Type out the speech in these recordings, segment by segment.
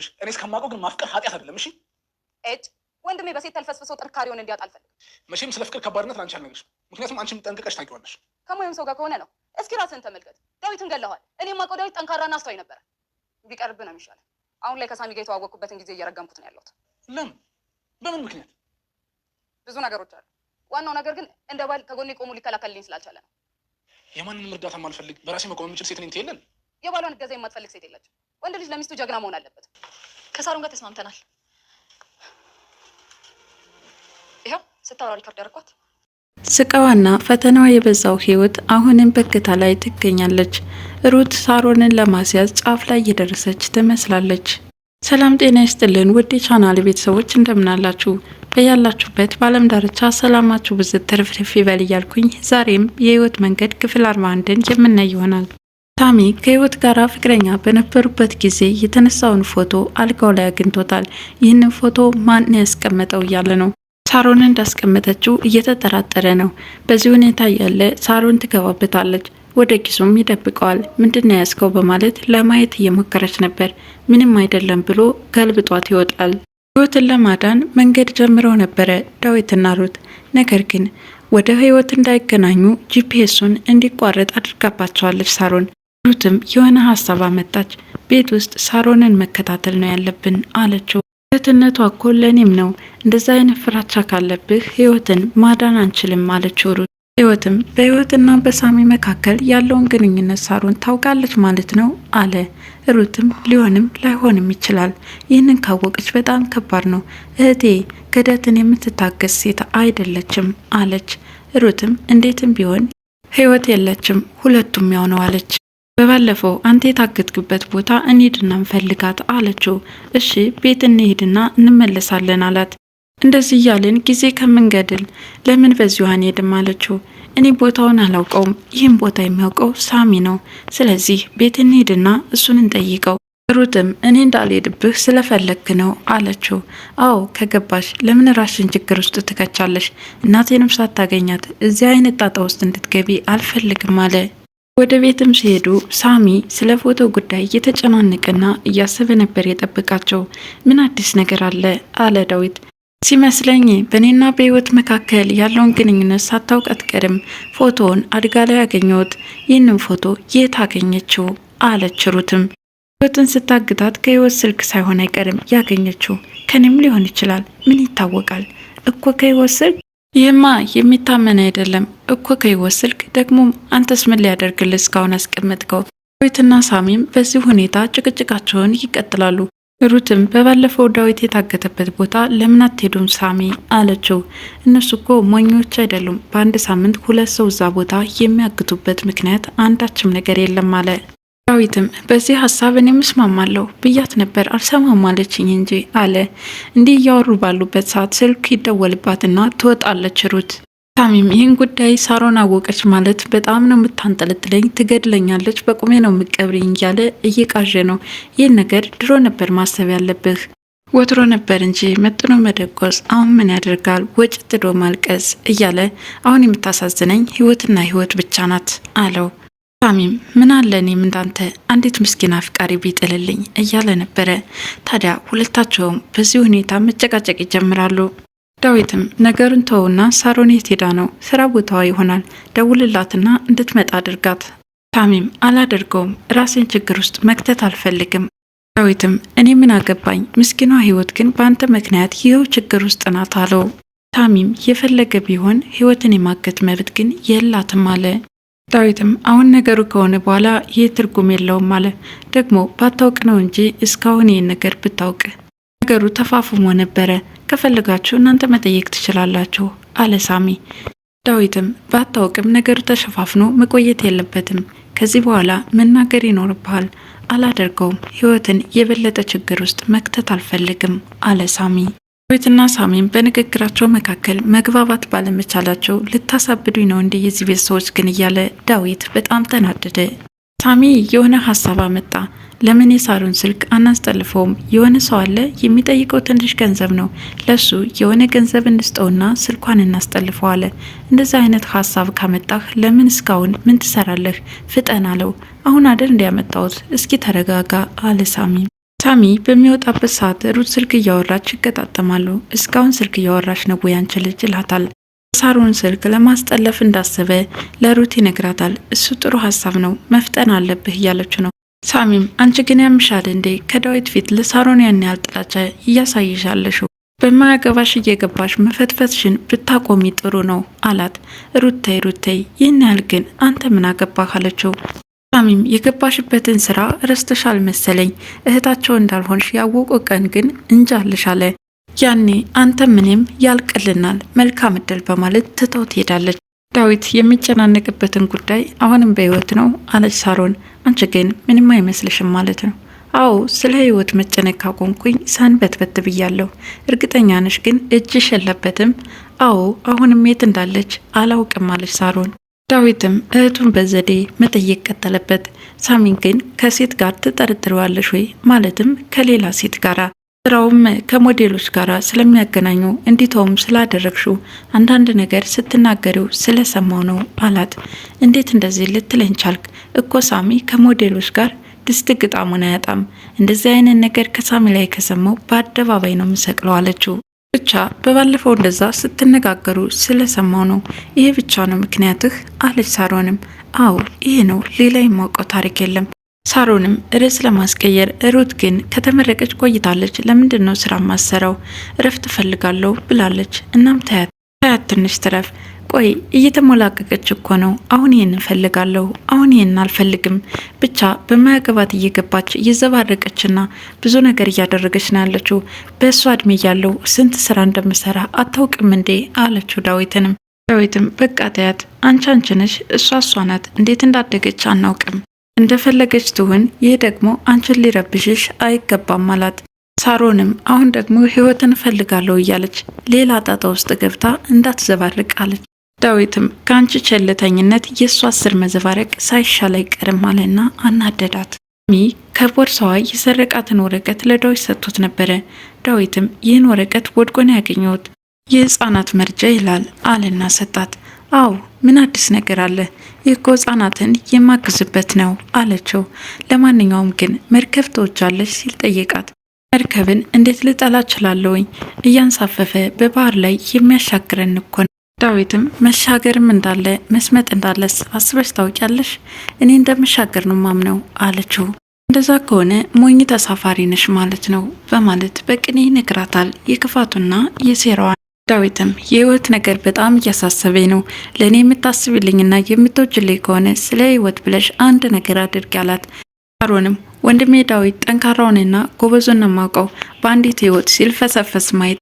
ይኸውልሽ፣ እኔ እስከማውቀው ግን ማፍቀር ኃጢአት አይደለም። እሺ ኤድ፣ ወንድሜ በሴት ተልፈስፍሶ ጥንካሬውን እንዲያጣ አልፈልግም። መቼም ስለ ፍቅር ከባድነት ላንቺ አልነግርሽም፣ ምክንያቱም አንቺም ጠንቅቀሽ ታውቂዋለሽ። ከሞየም ሰው ጋር ከሆነ ነው። እስኪ ራስህን ተመልከት። ዳዊትን ገለዋል። እኔ ማውቀው ዳዊት ጠንካራና አስተዋይ ነበረ። ቢቀርብ ነው የሚሻለው። አሁን ላይ ከሳሚ ጋር የተዋወቅኩበትን ጊዜ እየረገምኩት ነው ያለሁት። ለምን? በምን ምክንያት? ብዙ ነገሮች አሉ። ዋናው ነገር ግን እንደ ባል ከጎኔ ቆሞ ሊከላከልልኝ ስላልቻለ ነው። የማንንም እርዳታ ማልፈልግ በራሴ መቆም የምችል ሴት ነኝ ትየለን። የባሏን እገዛ የማትፈልግ ሴት የለችም። ወንድ ልጅ ለሚስቱ ጀግና መሆን አለበት። ከሳሩን ጋር ተስማምተናል። ይኸው ስታወራ ሪከርድ ያደርኳት። ስቃዋና ፈተናዋ የበዛው ህይወት አሁንም በግታ ላይ ትገኛለች። ሩት ሳሮንን ለማስያዝ ጫፍ ላይ እየደረሰች ትመስላለች። ሰላም ጤና ይስጥልን ውድ የቻናል ቤተሰቦች እንደምናላችሁ በያላችሁበት በአለም ዳርቻ ሰላማችሁ ብዝት ትርፍርፍ ይበል እያልኩኝ ዛሬም የህይወት መንገድ ክፍል አርባ አንድን የምናይ ይሆናል። ታሚ ከህይወት ጋር ፍቅረኛ በነበሩበት ጊዜ የተነሳውን ፎቶ አልጋው ላይ አግኝቶታል። ይህንን ፎቶ ማን ያስቀመጠው እያለ ነው። ሳሮን እንዳስቀመጠችው እየተጠራጠረ ነው። በዚህ ሁኔታ እያለ ሳሮን ትገባበታለች። ወደ ኪሱም ይደብቀዋል። ምንድነው ያዝከው በማለት ለማየት እየሞከረች ነበር። ምንም አይደለም ብሎ ገልብጧት ይወጣል። ህይወትን ለማዳን መንገድ ጀምረው ነበረ ዳዊትና ሩት። ነገር ግን ወደ ህይወት እንዳይገናኙ ጂፒኤሱን እንዲቋረጥ አድርጋባቸዋለች ሳሮን ሩትም የሆነ ሀሳብ አመጣች። ቤት ውስጥ ሳሮንን መከታተል ነው ያለብን አለችው። እህትነቷ እኮ ለእኔም ነው። እንደዛ አይነት ፍራቻ ካለብህ ህይወትን ማዳን አንችልም አለችው ሩት። ህይወትም በህይወትና በሳሚ መካከል ያለውን ግንኙነት ሳሮን ታውቃለች ማለት ነው አለ። ሩትም ሊሆንም ላይሆንም ይችላል። ይህንን ካወቀች በጣም ከባድ ነው። እህቴ ገደትን የምትታገስ ሴት አይደለችም አለች። ሩትም እንዴትም ቢሆን ህይወት የለችም፣ ሁለቱም ያው ነው አለች። በባለፈው አንተ የታገትክበት ቦታ እንሂድና እንፈልጋት አለችው። እሺ ቤት እንሂድና እንመለሳለን አላት። እንደዚህ እያልን ጊዜ ከምንገድል ለምን በዚሁ አንሄድም አለችው። እኔ ቦታውን አላውቀውም፣ ይህም ቦታ የሚያውቀው ሳሚ ነው። ስለዚህ ቤት እንሄድና እሱን እንጠይቀው። ሩትም እኔ እንዳልሄድብህ ስለፈለግክ ነው አለችው። አዎ ከገባሽ ለምን ራሽን ችግር ውስጥ ትከቻለሽ? እናቴንም ሳታገኛት እዚህ አይነት ጣጣ ውስጥ እንድትገቢ አልፈልግም አለ ወደ ቤትም ሲሄዱ ሳሚ ስለ ፎቶ ጉዳይ እየተጨናነቀና እያሰበ ነበር የጠበቃቸው። ምን አዲስ ነገር አለ አለ ዳዊት። ሲመስለኝ በእኔና በህይወት መካከል ያለውን ግንኙነት ሳታውቅ አትቀርም። ፎቶውን አድጋ ላይ ያገኘሁት። ይህንን ፎቶ የት አገኘችው? አለች ሩትም። ህይወትን ስታግታት ከህይወት ስልክ ሳይሆን አይቀርም ያገኘችው። ከኔም ሊሆን ይችላል። ምን ይታወቃል እኮ ከህይወት ስልክ ይህማ የሚታመን አይደለም እኮ ከህይወት ስልክ ደግሞ አንተስ ምን ሊያደርግል እስካሁን አስቀመጥከው? ዳዊትና ሳሚም በዚህ ሁኔታ ጭቅጭቃቸውን ይቀጥላሉ። ሩትም በባለፈው ዳዊት የታገተበት ቦታ ለምን አትሄዱም ሳሚ አለችው። እነሱ እኮ ሞኞች አይደሉም፣ በአንድ ሳምንት ሁለት ሰው እዛ ቦታ የሚያግቱበት ምክንያት አንዳችም ነገር የለም አለ። ዳዊትም በዚህ ሀሳብ እኔ ምስማማለሁ ብያት ነበር አልሰማም አለችኝ እንጂ አለ። እንዲህ እያወሩ ባሉበት ሰዓት ስልክ ይደወልባትና ትወጣለች ሩት። ታሚም ይህን ጉዳይ ሳሮን አወቀች ማለት በጣም ነው የምታንጠለጥለኝ፣ ትገድለኛለች፣ በቁሜ ነው የምቀብርኝ እያለ እየቃዠ ነው። ይህን ነገር ድሮ ነበር ማሰብ ያለብህ፣ ወትሮ ነበር እንጂ መጥኖ መደቆስ አሁን ምን ያደርጋል፣ ወጭ ጥዶ ማልቀስ እያለ አሁን የምታሳዝነኝ ህይወትና ህይወት ብቻ ናት አለው። ሳሚም ምን አለ እኔም እንዳንተ አንዲት ምስኪን አፍቃሪ ቢጥልልኝ እያለ ነበረ። ታዲያ ሁለታቸውም በዚህ ሁኔታ መጨቃጨቅ ይጀምራሉ። ዳዊትም ነገሩን ተወውና ሳሮን የት ሄዳ ነው? ስራ ቦታዋ ይሆናል። ደውልላትና እንድትመጣ አድርጋት። ታሚም አላደርገውም፣ ራሴን ችግር ውስጥ መክተት አልፈልግም። ዳዊትም እኔ ምን አገባኝ፣ ምስኪኗ ህይወት ግን በአንተ ምክንያት ይኸው ችግር ውስጥ ናት አለው። ታሚም የፈለገ ቢሆን ህይወትን የማገት መብት ግን የላትም አለ ዳዊትም አሁን ነገሩ ከሆነ በኋላ ይህ ትርጉም የለውም አለ። ደግሞ ባታውቅ ነው እንጂ እስካሁን ይህን ነገር ብታውቅ ነገሩ ተፋፍሞ ነበረ። ከፈልጋችሁ እናንተ መጠየቅ ትችላላችሁ አለ ሳሚ። ዳዊትም ባታውቅም ነገሩ ተሸፋፍኖ መቆየት የለበትም። ከዚህ በኋላ መናገር ይኖርብሃል። አላደርገውም። ህይወትን የበለጠ ችግር ውስጥ መክተት አልፈልግም አለ ሳሚ። ቤትና ሳሚም በንግግራቸው መካከል መግባባት ባለመቻላቸው ልታሳብዱኝ ነው እንዲህ የዚህ ቤት ሰዎች ግን እያለ ዳዊት በጣም ተናደደ። ሳሚ የሆነ ሀሳብ አመጣ። ለምን የሳሩን ስልክ አናስጠልፈውም? የሆነ ሰው አለ የሚጠይቀው ትንሽ ገንዘብ ነው። ለሱ የሆነ ገንዘብ እንስጠውና ስልኳን እናስጠልፈው አለ። እንደዚ አይነት ሀሳብ ካመጣህ ለምን እስካሁን ምን ትሰራለህ? ፍጠን አለው። አሁን አደር እንዲያመጣውት እስኪ ተረጋጋ አለ ሳሚ ሳሚ በሚወጣበት ሰዓት ሩት ስልክ እያወራች ይገጣጠማሉ። እስካሁን ስልክ እያወራች ነው ወይ ልጅ ይላታል። ሳሮን ስልክ ለማስጠለፍ እንዳሰበ ለሩት ይነግራታል። እሱ ጥሩ ሀሳብ ነው፣ መፍጠን አለብህ እያለች ነው። ሳሚም አንቺ ግን ያምሻል እንዴ ከዳዊት ፊት ለሳሮን ያን ያህል ጥላቻ እያሳይሻለሽው በማያገባሽ እየገባሽ መፈትፈትሽን ብታቆሚ ጥሩ ነው አላት። ሩቴይ ሩተይ ይህን ያህል ግን አንተ ምን አገባህ አለችው። ሻሚም የገባሽበትን ስራ ረስተሻል መሰለኝ እህታቸው እንዳልሆንሽ ያወቁ ቀን ግን አለ። ያኔ አንተም ምንም ያልቅልናል፣ መልካም እድል በማለት ትተው ትሄዳለች። ዳዊት የሚጨናነቅበትን ጉዳይ አሁንም በህይወት ነው አለች ሳሮን። አንቺ ግን ምንም አይመስልሽም ማለት ነው? አዎ ስለ ህይወት መጨነቅ ካቆምኩኝ ሰንበትበት ብያለሁ። እርግጠኛ ነሽ ግን እጅሽ የለበትም? አዎ አሁንም የት እንዳለች አላውቅም አለች ሳሮን። ዳዊትም እህቱን በዘዴ መጠየቅ ቀጠለበት። ሳሚን ግን ከሴት ጋር ትጠርጥረዋለሽ ወይ? ማለትም ከሌላ ሴት ጋር ስራውም ከሞዴሎች ጋር ስለሚያገናኙ እንዲተውም ስላደረግሹ አንዳንድ ነገር ስትናገሪው ስለሰማው ነው አላት። እንዴት እንደዚህ ልትለኝ ቻልክ? እኮ ሳሚ ከሞዴሎች ጋር ድስት ግጣሙን አያጣም። እንደዚህ አይነት ነገር ከሳሚ ላይ ከሰማው በአደባባይ ነው የምሰቅለው አለችው። ብቻ በባለፈው እንደዛ ስትነጋገሩ ስለሰማው ነው። ይሄ ብቻ ነው ምክንያትህ አለች ሳሮንም። አዎ ይሄ ነው፣ ሌላ የማውቀው ታሪክ የለም። ሳሮንም ርዕስ ለማስቀየር ሩት ግን ከተመረቀች ቆይታለች። ለምንድን ነው ስራ ማሰራው እረፍት እፈልጋለሁ ብላለች። እናም ታያት ታያት ትንሽ ትረፍ ቆይ እየተሞላቀቀች እኮ ነው። አሁን ይሄን እንፈልጋለሁ፣ አሁን ይሄን አልፈልግም፣ ብቻ በማያገባት እየገባች እየዘባረቀችና ብዙ ነገር እያደረገች ነው ያለችው። በእሷ እድሜ ያለው ስንት ስራ እንደምሰራ አታውቅም እንዴ አለችው ዳዊትንም። ዳዊትም በቃ ተያት፣ አንቺ አንቺ ነሽ፣ እሷ እሷ ናት፣ እንዴት እንዳደገች አናውቅም፣ እንደፈለገች ትሁን፣ ይህ ደግሞ አንቺን ሊረብሽሽ አይገባም አላት። ሳሮንም አሁን ደግሞ ህይወትን እፈልጋለሁ እያለች ሌላ ጣጣ ውስጥ ገብታ እንዳትዘባርቅ አለች። ዳዊትም ከአንቺ ቸልተኝነት የእሱ አስር መዘባረቅ ሳይሻል አይቀርም አለና አናደዳት። ሚ ከቦርሳዋ የሰረቃትን ወረቀት ለዳዊት ሰጥቶት ነበረ። ዳዊትም ይህን ወረቀት ወድቆ ነው ያገኘሁት፣ የህፃናት መርጃ ይላል አለና ሰጣት። አዎ ምን አዲስ ነገር አለ? ይህኮ ህፃናትን የማግዝበት ነው አለችው። ለማንኛውም ግን መርከብ ትወጃለች ሲል ጠየቃት። መርከብን እንዴት ልጠላ እችላለሁኝ? እያንሳፈፈ በባህር ላይ የሚያሻግረን እኮ ነው ዳዊትም መሻገርም እንዳለ መስመጥ እንዳለስ አስበሽ ታውቂያለሽ? እኔ እንደምሻገር ነው ማምነው አለችው። እንደዛ ከሆነ ሞኝ ተሳፋሪ ነሽ ማለት ነው በማለት በቅኔ ይነግራታል የክፋቱና የሴራዋ ዳዊትም የህይወት ነገር በጣም እያሳሰበኝ ነው። ለእኔ የምታስብልኝና የምትወጅልኝ ከሆነ ስለ ህይወት ብለሽ አንድ ነገር አድርግ ያላት። አሮንም ወንድሜ ዳዊት ጠንካራውንና ጎበዞን ማውቀው በአንዲት ህይወት ሲልፈሰፈስ ማየት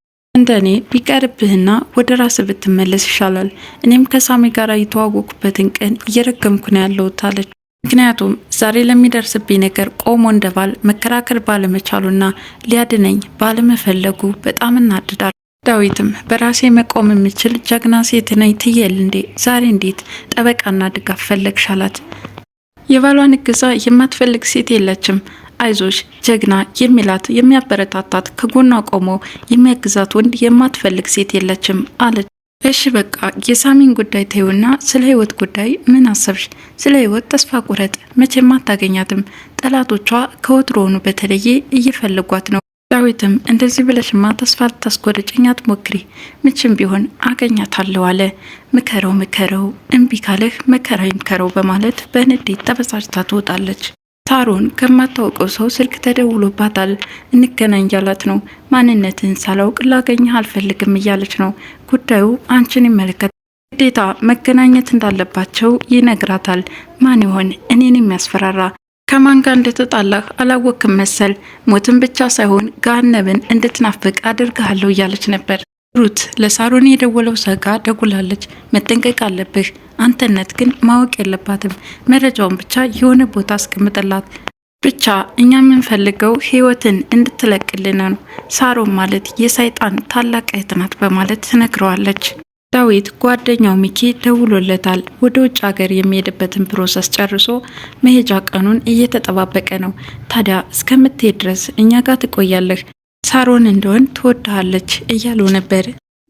እኔ ቢቀርብህና ወደ ራስ ብትመለስ ይሻላል። እኔም ከሳሚ ጋር የተዋወቅኩበትን ቀን እየረገምኩ ነው ያለሁት አለች። ምክንያቱም ዛሬ ለሚደርስብኝ ነገር ቆሞ እንደ ባል መከራከር ባለመቻሉና ሊያድነኝ ባለመፈለጉ በጣም እናድዳል። ዳዊትም በራሴ መቆም የምችል ጀግና ሴት ነኝ ትየል እንዴ? ዛሬ እንዴት ጠበቃና ድጋፍ ፈለግሽ? አላት። የባሏን እገዛ የማትፈልግ ሴት የለችም አይዞሽ ጀግና የሚላት የሚያበረታታት ከጎኗ ቆሞ የሚያግዛት ወንድ የማትፈልግ ሴት የለችም አለች። እሺ በቃ የሳሚን ጉዳይ ተይውና ስለ ህይወት ጉዳይ ምን አሰብሽ? ስለ ህይወት ተስፋ ቁረጥ፣ መቼም አታገኛትም። ጠላቶቿ ከወትሮውኑ በተለየ እየፈለጓት ነው። ዳዊትም እንደዚህ ብለሽማ ተስፋ ልታስቆርጭኝ አትሞክሪ፣ ምችም ቢሆን አገኛታለሁ አለ። ምከረው ምከረው፣ እምቢ ካለህ መከራ ይምከረው በማለት በንዴት ተበሳጭታ ትወጣለች። ታሮን ከማታውቀው ሰው ስልክ ተደውሎባታል። እንገናኝ ያላት ነው። ማንነትን ሳላውቅ ላገኝህ አልፈልግም እያለች ነው። ጉዳዩ አንቺን ይመለከታል። ግዴታ መገናኘት እንዳለባቸው ይነግራታል። ማን ይሆን እኔን የሚያስፈራራ? ከማን ጋር እንደተጣላህ አላወቅም መሰል። ሞትን ብቻ ሳይሆን ጋነብን እንድትናፍቅ አድርግሃለሁ እያለች ነበር። ሩት ለሳሮን የደወለው ሰጋ ደጉላለች። መጠንቀቅ አለብህ። አንተነት ግን ማወቅ የለባትም። መረጃውን ብቻ የሆነ ቦታ አስቀምጥላት። ብቻ እኛ የምንፈልገው ህይወትን እንድትለቅልን ነው። ሳሮን ማለት የሰይጣን ታላቅ እህት ናት በማለት ትነግረዋለች። ዳዊት ጓደኛው ሚኪ ደውሎለታል። ወደ ውጭ ሀገር የሚሄድበትን ፕሮሰስ ጨርሶ መሄጃ ቀኑን እየተጠባበቀ ነው። ታዲያ እስከምትሄድ ድረስ እኛ ጋር ትቆያለህ ሳሮን እንደሆን ትወድሃለች እያሉ ነበር።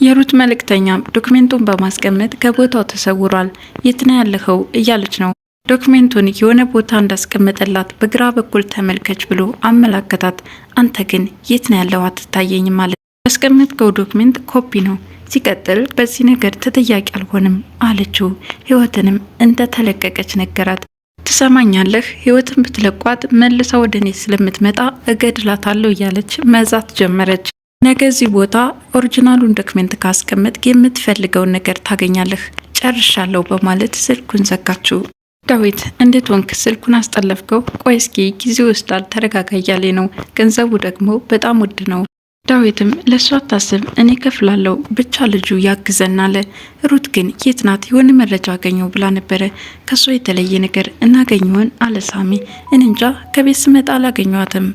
የሩት መልእክተኛም ዶክሜንቱን በማስቀመጥ ከቦታው ተሰውሯል። የት ነው ያለኸው እያለች ነው። ዶክሜንቱን የሆነ ቦታ እንዳስቀመጠላት በግራ በኩል ተመልከች ብሎ አመላከታት። አንተ ግን የት ነው ያለው አትታየኝ ማለት ያስቀመጥከው ዶክሜንት ኮፒ ነው። ሲቀጥል በዚህ ነገር ተጠያቂ አልሆንም አለችው። ህይወትንም እንደተለቀቀች ነገራት። ትሰማኛለህ? ህይወትን ብትለቋት መልሳ ወደ እኔ ስለምትመጣ እገድላታለሁ እያለች መዛት ጀመረች። ነገ እዚህ ቦታ ኦሪጂናሉን ዶክሜንት ካስቀመጥ የምትፈልገውን ነገር ታገኛለህ፣ ጨርሻለሁ በማለት ስልኩን ዘጋችው። ዳዊት እንዴት ወንክ ስልኩን አስጠለፍከው? ቆይ እስኪ ጊዜ ይወስዳል ተረጋጋ እያሌ ነው። ገንዘቡ ደግሞ በጣም ውድ ነው። ዳዊትም ለእሷ አታስብ፣ እኔ ከፍላለሁ፣ ብቻ ልጁ ያግዘን አለ። ሩት ግን የት ናት? የሆነ መረጃ አገኘው ብላ ነበረ። ከሷ የተለየ ነገር እናገኘውን አለ ሳሚ። እንንጃ ከቤት ስመጣ አላገኘዋትም።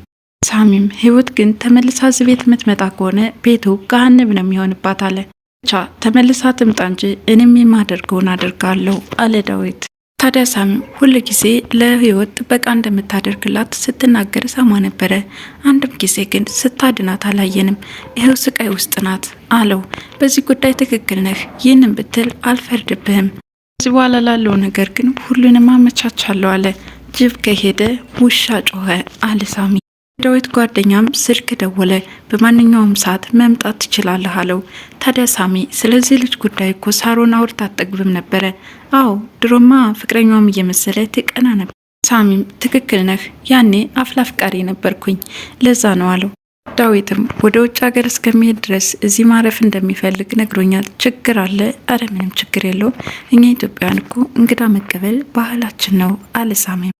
ሳሚም ህይወት ግን ተመልሳ እዚህ ቤት የምትመጣ ከሆነ ቤቱ ገሀነም ነው የሚሆንባት አለ። ብቻ ተመልሳ ትምጣ እንጂ እኔም የማደርገውን አደርጋለሁ አለ ዳዊት። ታዲያ ሳሚ ሁል ጊዜ ለህይወት ጥበቃ እንደምታደርግላት ስትናገር ሰማ ነበረ። አንድም ጊዜ ግን ስታድናት አላየንም። ይኸው ስቃይ ውስጥ ናት አለው። በዚህ ጉዳይ ትክክል ነህ፣ ይህንን ብትል አልፈርድብህም። ከዚህ በኋላ ላለው ነገር ግን ሁሉንም አመቻቻለሁ አለ። ጅብ ከሄደ ውሻ ጮኸ አለ ሳሚ። ዳዊት ጓደኛም ስልክ ደወለ። በማንኛውም ሰዓት መምጣት ትችላለህ አለው። ታዲያ ሳሚ ስለዚህ ልጅ ጉዳይ እኮ ሳሮን አውርታ አጠግብም ነበረ። አዎ ድሮማ ፍቅረኛውም እየመሰለ ትቀና ነበር። ሳሚም ትክክል ነህ፣ ያኔ አፍላ ነበርኩኝ፣ ለዛ ነው አለው። ዳዊትም ወደ ውጭ ሀገር እስከሚሄድ ድረስ እዚህ ማረፍ እንደሚፈልግ ነግሮኛል። ችግር አለ? አረ ምንም ችግር የለውም። እኛ ኢትዮጵያውያን እኮ እንግዳ መቀበል ባህላችን ነው አለ ሳሚም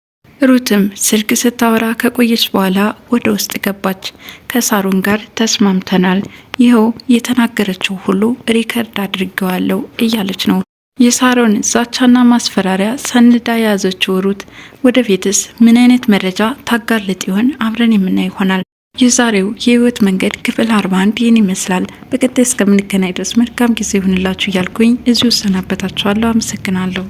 ሩትም ስልክ ስታወራ ከቆየች በኋላ ወደ ውስጥ ገባች። ከሳሮን ጋር ተስማምተናል፣ ይኸው የተናገረችው ሁሉ ሪከርድ አድርገዋለሁ እያለች ነው። የሳሮን ዛቻና ማስፈራሪያ ሰንዳ የያዘችው ሩት ወደፊትስ ምን አይነት መረጃ ታጋለጥ ይሆን? አብረን የምናይ ይሆናል። የዛሬው የህይወት መንገድ ክፍል 41 ይህን ይመስላል። በቀጣይ እስከምንገናኝ ድረስ መልካም ጊዜ ይሁንላችሁ እያልኩኝ እዚሁ እሰናበታችኋለሁ። አመሰግናለሁ።